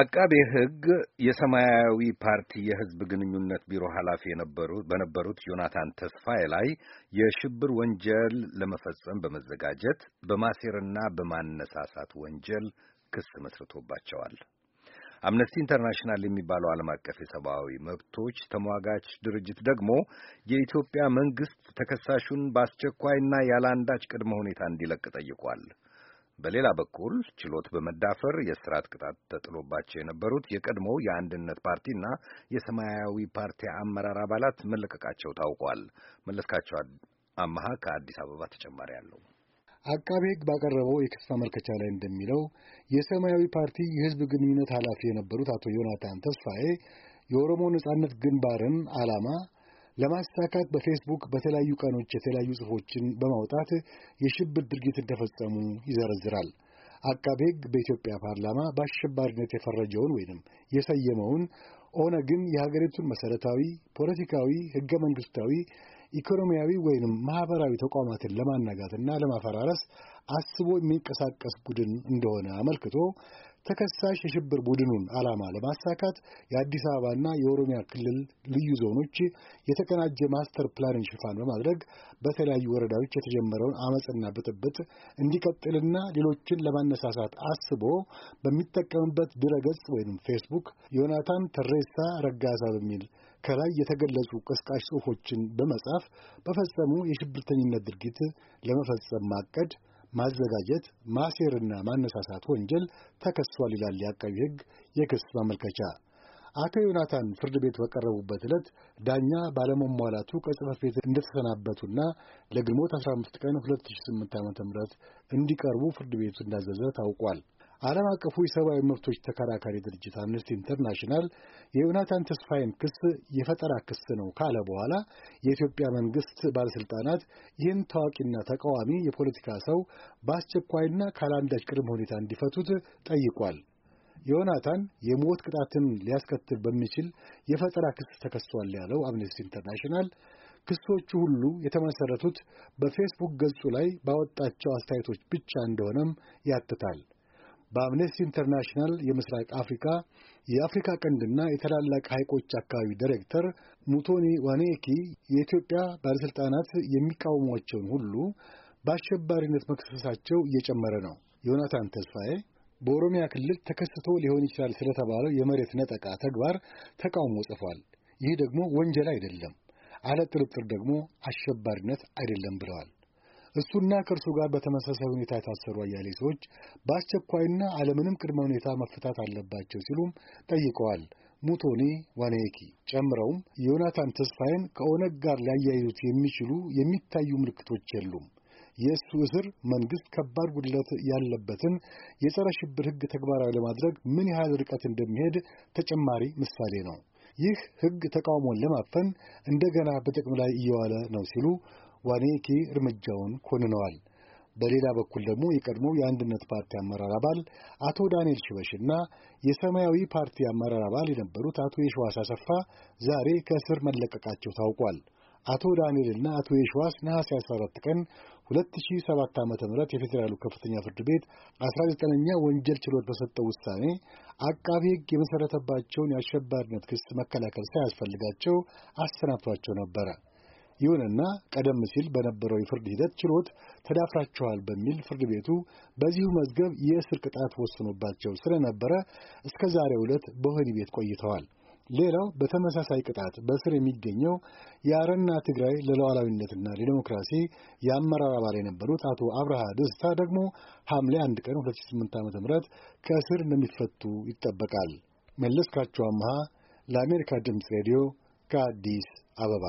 አቃቤ ሕግ የሰማያዊ ፓርቲ የሕዝብ ግንኙነት ቢሮ ኃላፊ በነበሩት ዮናታን ተስፋዬ ላይ የሽብር ወንጀል ለመፈጸም በመዘጋጀት በማሴርና በማነሳሳት ወንጀል ክስ መስርቶባቸዋል። አምነስቲ ኢንተርናሽናል የሚባለው ዓለም አቀፍ የሰብአዊ መብቶች ተሟጋች ድርጅት ደግሞ የኢትዮጵያ መንግስት ተከሳሹን በአስቸኳይና ያለ አንዳች ቅድመ ሁኔታ እንዲለቅ ጠይቋል። በሌላ በኩል ችሎት በመዳፈር የእስራት ቅጣት ተጥሎባቸው የነበሩት የቀድሞ የአንድነት ፓርቲና የሰማያዊ ፓርቲ አመራር አባላት መለቀቃቸው ታውቋል። መለስካቸው አመሃ ከአዲስ አበባ ተጨማሪ አለው። አቃቤ ሕግ ባቀረበው የክስ ማመልከቻ ላይ እንደሚለው የሰማያዊ ፓርቲ የህዝብ ግንኙነት ኃላፊ የነበሩት አቶ ዮናታን ተስፋዬ የኦሮሞ ነጻነት ግንባርን ዓላማ ለማሳካት በፌስቡክ በተለያዩ ቀኖች የተለያዩ ጽሑፎችን በማውጣት የሽብር ድርጊት እንደፈጸሙ ይዘረዝራል። አቃቤ ሕግ በኢትዮጵያ ፓርላማ በአሸባሪነት የፈረጀውን ወይንም የሰየመውን ኦነግን የሀገሪቱን መሠረታዊ ፖለቲካዊ፣ ሕገ መንግሥታዊ፣ ኢኮኖሚያዊ ወይንም ማኅበራዊ ተቋማትን ለማናጋትና ለማፈራረስ አስቦ የሚንቀሳቀስ ቡድን እንደሆነ አመልክቶ ተከሳሽ የሽብር ቡድኑን ዓላማ ለማሳካት የአዲስ አበባና የኦሮሚያ ክልል ልዩ ዞኖች የተቀናጀ ማስተር ፕላንን ሽፋን በማድረግ በተለያዩ ወረዳዎች የተጀመረውን አመፅና ብጥብጥ እንዲቀጥልና ሌሎችን ለማነሳሳት አስቦ በሚጠቀምበት ድረገጽ ወይም ፌስቡክ ዮናታን ተሬሳ ረጋሳ በሚል ከላይ የተገለጹ ቀስቃሽ ጽሑፎችን በመጻፍ በፈጸሙ የሽብርተኝነት ድርጊት ለመፈጸም ማቀድ ማዘጋጀት፣ ማሴርና ማነሳሳት ወንጀል ተከሷል ይላል የአቃቢ ሕግ የክስ ማመልከቻ። አቶ ዮናታን ፍርድ ቤት በቀረቡበት ዕለት ዳኛ ባለመሟላቱ ከጽህፈት ቤት እንደተሰናበቱና ለግንቦት 15 ቀን 2008 ዓ ም እንዲቀርቡ ፍርድ ቤቱ እንዳዘዘ ታውቋል። ዓለም አቀፉ የሰብአዊ መብቶች ተከራካሪ ድርጅት አምነስቲ ኢንተርናሽናል የዮናታን ተስፋዬን ክስ የፈጠራ ክስ ነው ካለ በኋላ የኢትዮጵያ መንግስት ባለስልጣናት ይህን ታዋቂና ተቃዋሚ የፖለቲካ ሰው በአስቸኳይና ካላንዳች ቅድመ ሁኔታ እንዲፈቱት ጠይቋል። ዮናታን የሞት ቅጣትን ሊያስከትል በሚችል የፈጠራ ክስ ተከሷል ያለው አምነስቲ ኢንተርናሽናል ክሶቹ ሁሉ የተመሰረቱት በፌስቡክ ገጹ ላይ ባወጣቸው አስተያየቶች ብቻ እንደሆነም ያትታል። በአምነስቲ ኢንተርናሽናል የምስራቅ አፍሪካ የአፍሪካ ቀንድና የታላላቅ ሐይቆች አካባቢ ዳይሬክተር ሙቶኒ ዋኔኪ የኢትዮጵያ ባለሥልጣናት የሚቃወሟቸውን ሁሉ በአሸባሪነት መክሰሳቸው እየጨመረ ነው። ዮናታን ተስፋዬ በኦሮሚያ ክልል ተከስቶ ሊሆን ይችላል ስለተባለው የመሬት ነጠቃ ተግባር ተቃውሞ ጽፏል። ይህ ደግሞ ወንጀል አይደለም፣ አለ ጥርጥር ደግሞ አሸባሪነት አይደለም ብለዋል። እሱና ከእርሱ ጋር በተመሳሳይ ሁኔታ የታሰሩ አያሌ ሰዎች በአስቸኳይና አለምንም ቅድመ ሁኔታ መፈታት አለባቸው ሲሉም ጠይቀዋል። ሙቶኒ ዋኔኪ ጨምረውም ዮናታን ተስፋዬን ከኦነግ ጋር ሊያያይዙት የሚችሉ የሚታዩ ምልክቶች የሉም። የእሱ እስር መንግሥት ከባድ ጉድለት ያለበትን የጸረ ሽብር ሕግ ተግባራዊ ለማድረግ ምን ያህል ርቀት እንደሚሄድ ተጨማሪ ምሳሌ ነው። ይህ ሕግ ተቃውሞን ለማፈን እንደገና በጥቅም ላይ እየዋለ ነው ሲሉ ዋኔኪ እርምጃውን ኮንነዋል። በሌላ በኩል ደግሞ የቀድሞ የአንድነት ፓርቲ አመራር አባል አቶ ዳንኤል ሽበሽ እና የሰማያዊ ፓርቲ አመራር አባል የነበሩት አቶ የሸዋስ አሰፋ ዛሬ ከእስር መለቀቃቸው ታውቋል። አቶ ዳንኤልና አቶ የሸዋስ ነሐሴ 14 ቀን 2007 ዓ ም የፌዴራሉ ከፍተኛ ፍርድ ቤት 19ኛ ወንጀል ችሎት በሰጠው ውሳኔ አቃቢ ሕግ የመሠረተባቸውን የአሸባሪነት ክስ መከላከል ሳያስፈልጋቸው አሰናብቷቸው ነበረ። ይሁንና ቀደም ሲል በነበረው የፍርድ ሂደት ችሎት ተዳፍራቸዋል በሚል ፍርድ ቤቱ በዚሁ መዝገብ የእስር ቅጣት ወስኖባቸው ስለነበረ እስከ ዛሬ ዕለት በወህኒ ቤት ቆይተዋል። ሌላው በተመሳሳይ ቅጣት በእስር የሚገኘው የአረና ትግራይ ለሉዓላዊነትና ለዲሞክራሲ የአመራር አባል የነበሩት አቶ አብርሃ ደስታ ደግሞ ሐምሌ 1 ቀን 2008 ም ከእስር እንደሚፈቱ ይጠበቃል። መለስካቸው አምሃ ለአሜሪካ ድምፅ ሬዲዮ ከአዲስ አበባ